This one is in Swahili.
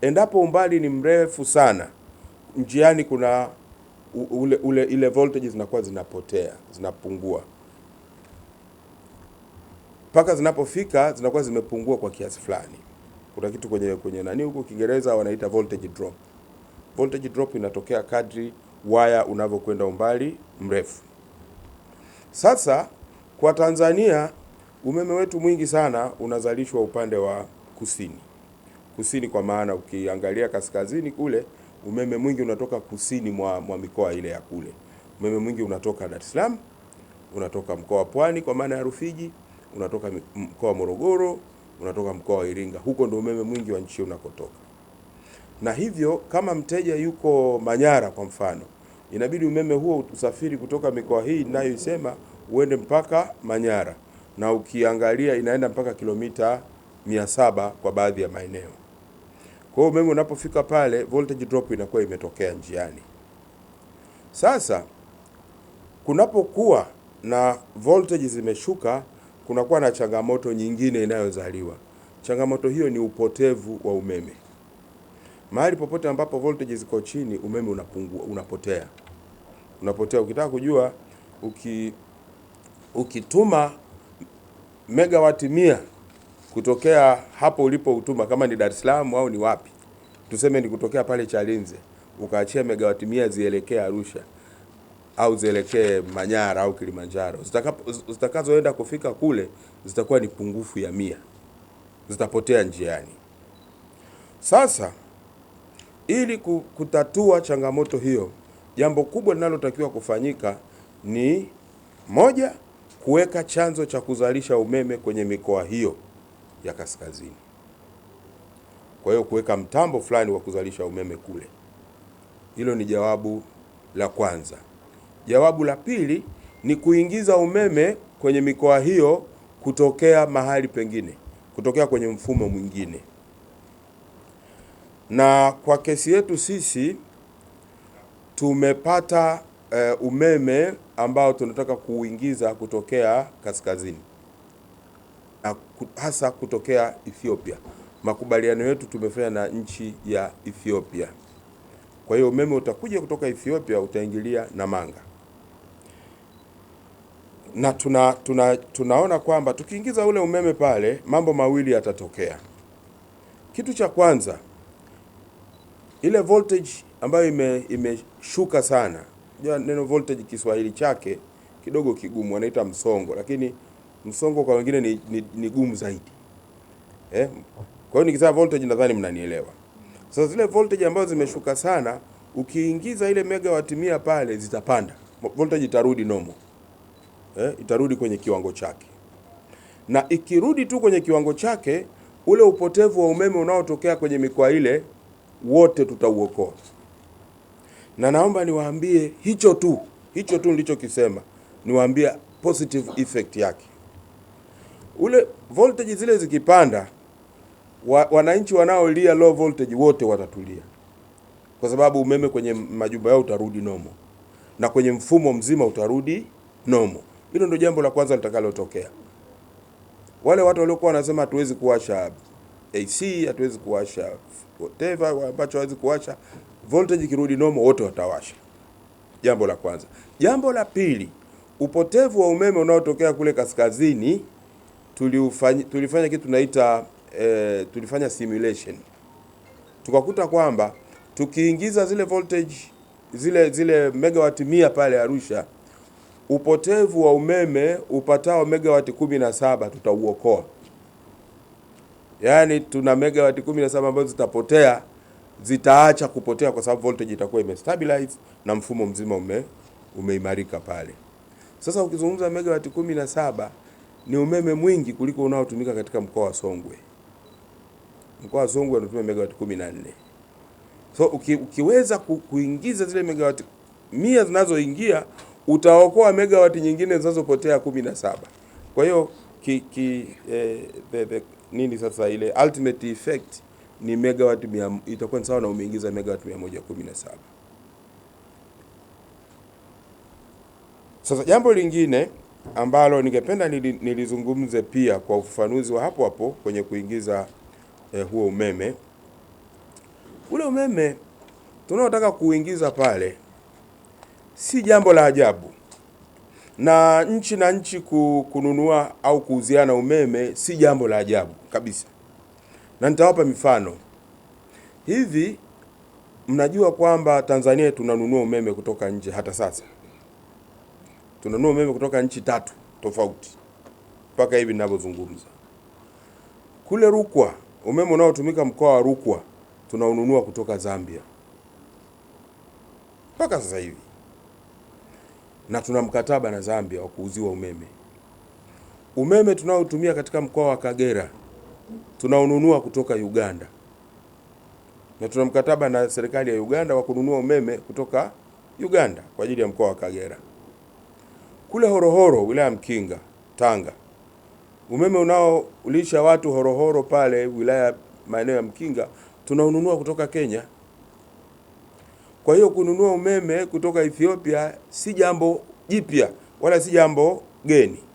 endapo umbali ni mrefu sana njiani, kuna ule, ule ile voltage zinakuwa zinapotea zinapungua, mpaka zinapofika zinakuwa zimepungua kwa kiasi fulani. Kuna kitu kwenye kwenye nani huko Kiingereza wanaita voltage drop. Voltage drop inatokea kadri waya unavyokwenda umbali mrefu. Sasa kwa Tanzania umeme wetu mwingi sana unazalishwa upande wa kusini kusini, kwa maana ukiangalia kaskazini kule umeme mwingi unatoka kusini mwa, mwa mikoa ile ya kule. Umeme mwingi unatoka Dar es Salaam, unatoka mkoa wa Pwani kwa maana ya Rufiji, unatoka mkoa wa Morogoro, unatoka mkoa wa Iringa. Huko ndio umeme mwingi wa nchi unakotoka, na hivyo kama mteja yuko Manyara kwa mfano, inabidi umeme huo usafiri kutoka mikoa hii ninayoisema uende mpaka Manyara, na ukiangalia inaenda mpaka kilomita 700 kwa baadhi ya maeneo. Kwa hiyo umeme unapofika pale, voltage drop inakuwa imetokea njiani. Sasa kunapokuwa na voltage zimeshuka, kunakuwa na changamoto nyingine inayozaliwa. Changamoto hiyo ni upotevu wa umeme. Mahali popote ambapo voltage ziko chini, umeme unapungua, unapotea, unapotea. Ukitaka kujua, uki, ukituma megawati mia kutokea hapo ulipo utuma, kama ni Dar es Salaam au ni wapi, tuseme ni kutokea pale Chalinze ukaachia megawati mia zielekee Arusha au zielekee Manyara au Kilimanjaro, zitakazoenda kufika kule zitakuwa ni pungufu ya mia, zitapotea njiani. Sasa ili kutatua changamoto hiyo, jambo kubwa linalotakiwa kufanyika ni moja, kuweka chanzo cha kuzalisha umeme kwenye mikoa hiyo ya kaskazini. Kwa hiyo kuweka mtambo fulani wa kuzalisha umeme kule. Hilo ni jawabu la kwanza. Jawabu la pili ni kuingiza umeme kwenye mikoa hiyo kutokea mahali pengine, kutokea kwenye mfumo mwingine. Na kwa kesi yetu sisi tumepata e, umeme ambao tunataka kuuingiza kutokea kaskazini hasa kutokea Ethiopia. Makubaliano yetu tumefanya na nchi ya Ethiopia. Kwa hiyo umeme utakuja kutoka Ethiopia utaingilia Namanga na tuna, tuna, tunaona kwamba tukiingiza ule umeme pale mambo mawili yatatokea. Kitu cha kwanza ile voltage ambayo ime, imeshuka sana. Unajua neno voltage Kiswahili chake kidogo kigumu, wanaita msongo, lakini msongo kwa wengine ni, ni, ni gumu zaidi eh? Kwa hiyo nikisema voltage nadhani mnanielewa. Sasa zile voltage ambazo zimeshuka sana, ukiingiza ile megawati mia pale zitapanda, voltage itarudi nomo eh? Itarudi kwenye kiwango chake, na ikirudi tu kwenye kiwango chake, ule upotevu wa umeme unaotokea kwenye mikoa ile wote tutauokoa, na naomba niwaambie hicho tu hicho tu nilichokisema, niwaambie positive effect yake ule voltage zile zikipanda, wa, wananchi wanaolia low voltage wote watatulia, kwa sababu umeme kwenye majumba yao utarudi nomo na kwenye mfumo mzima utarudi nomo. Hilo ndio jambo la kwanza litakalotokea. Wale watu waliokuwa wanasema hatuwezi kuwasha AC, hatuwezi kuwasha whatever ambacho hawezi kuwasha, voltage ikirudi nomo wote watawasha. Jambo la kwanza. Jambo la pili, upotevu wa umeme unaotokea kule kaskazini tulifanya, tulifanya kitu tunaita eh, tulifanya simulation tukakuta kwamba tukiingiza zile voltage zile zile megawati mia pale Arusha upotevu wa umeme upatao megawati kumi na saba tutauokoa. Yaani tuna megawati kumi na saba ambazo zitapotea zitaacha kupotea kwa sababu voltage itakuwa imestabilize na mfumo mzima ume umeimarika pale. Sasa ukizungumza megawati kumi na saba ni umeme mwingi kuliko unaotumika katika mkoa wa Songwe. Mkoa wa Songwe unatumia megawati kumi na nne. So uki, ukiweza ku, kuingiza zile megawati mia zinazoingia utaokoa megawati nyingine zinazopotea kumi na saba. Kwa hiyo ki, ki, eh, the, the, nini sasa ile ultimate effect ni megawati mia itakuwa sawa na umeingiza megawati 117. Sasa jambo lingine ambalo ningependa nilizungumze pia kwa ufafanuzi wa hapo hapo kwenye kuingiza eh, huo umeme. Ule umeme tunaotaka kuingiza pale si jambo la ajabu, na nchi na nchi kununua au kuuziana umeme si jambo la ajabu kabisa, na nitawapa mifano hivi. Mnajua kwamba Tanzania tunanunua umeme kutoka nje hata sasa tunanua umeme kutoka nchi tatu tofauti mpaka hivi ninavyozungumza. Kule Rukwa, umeme unaotumika mkoa wa Rukwa tunaununua kutoka Zambia mpaka sasa hivi, na tuna mkataba na Zambia wa kuuziwa umeme. Umeme tunaotumia katika mkoa wa Kagera tunaununua kutoka Uganda na tuna mkataba na serikali ya Uganda wa kununua umeme kutoka Uganda kwa ajili ya mkoa wa Kagera. Kule Horohoro wilaya Mkinga Tanga, umeme unaolisha watu Horohoro pale wilaya maeneo ya Mkinga tunaununua kutoka Kenya. Kwa hiyo kununua umeme kutoka Ethiopia si jambo jipya wala si jambo geni.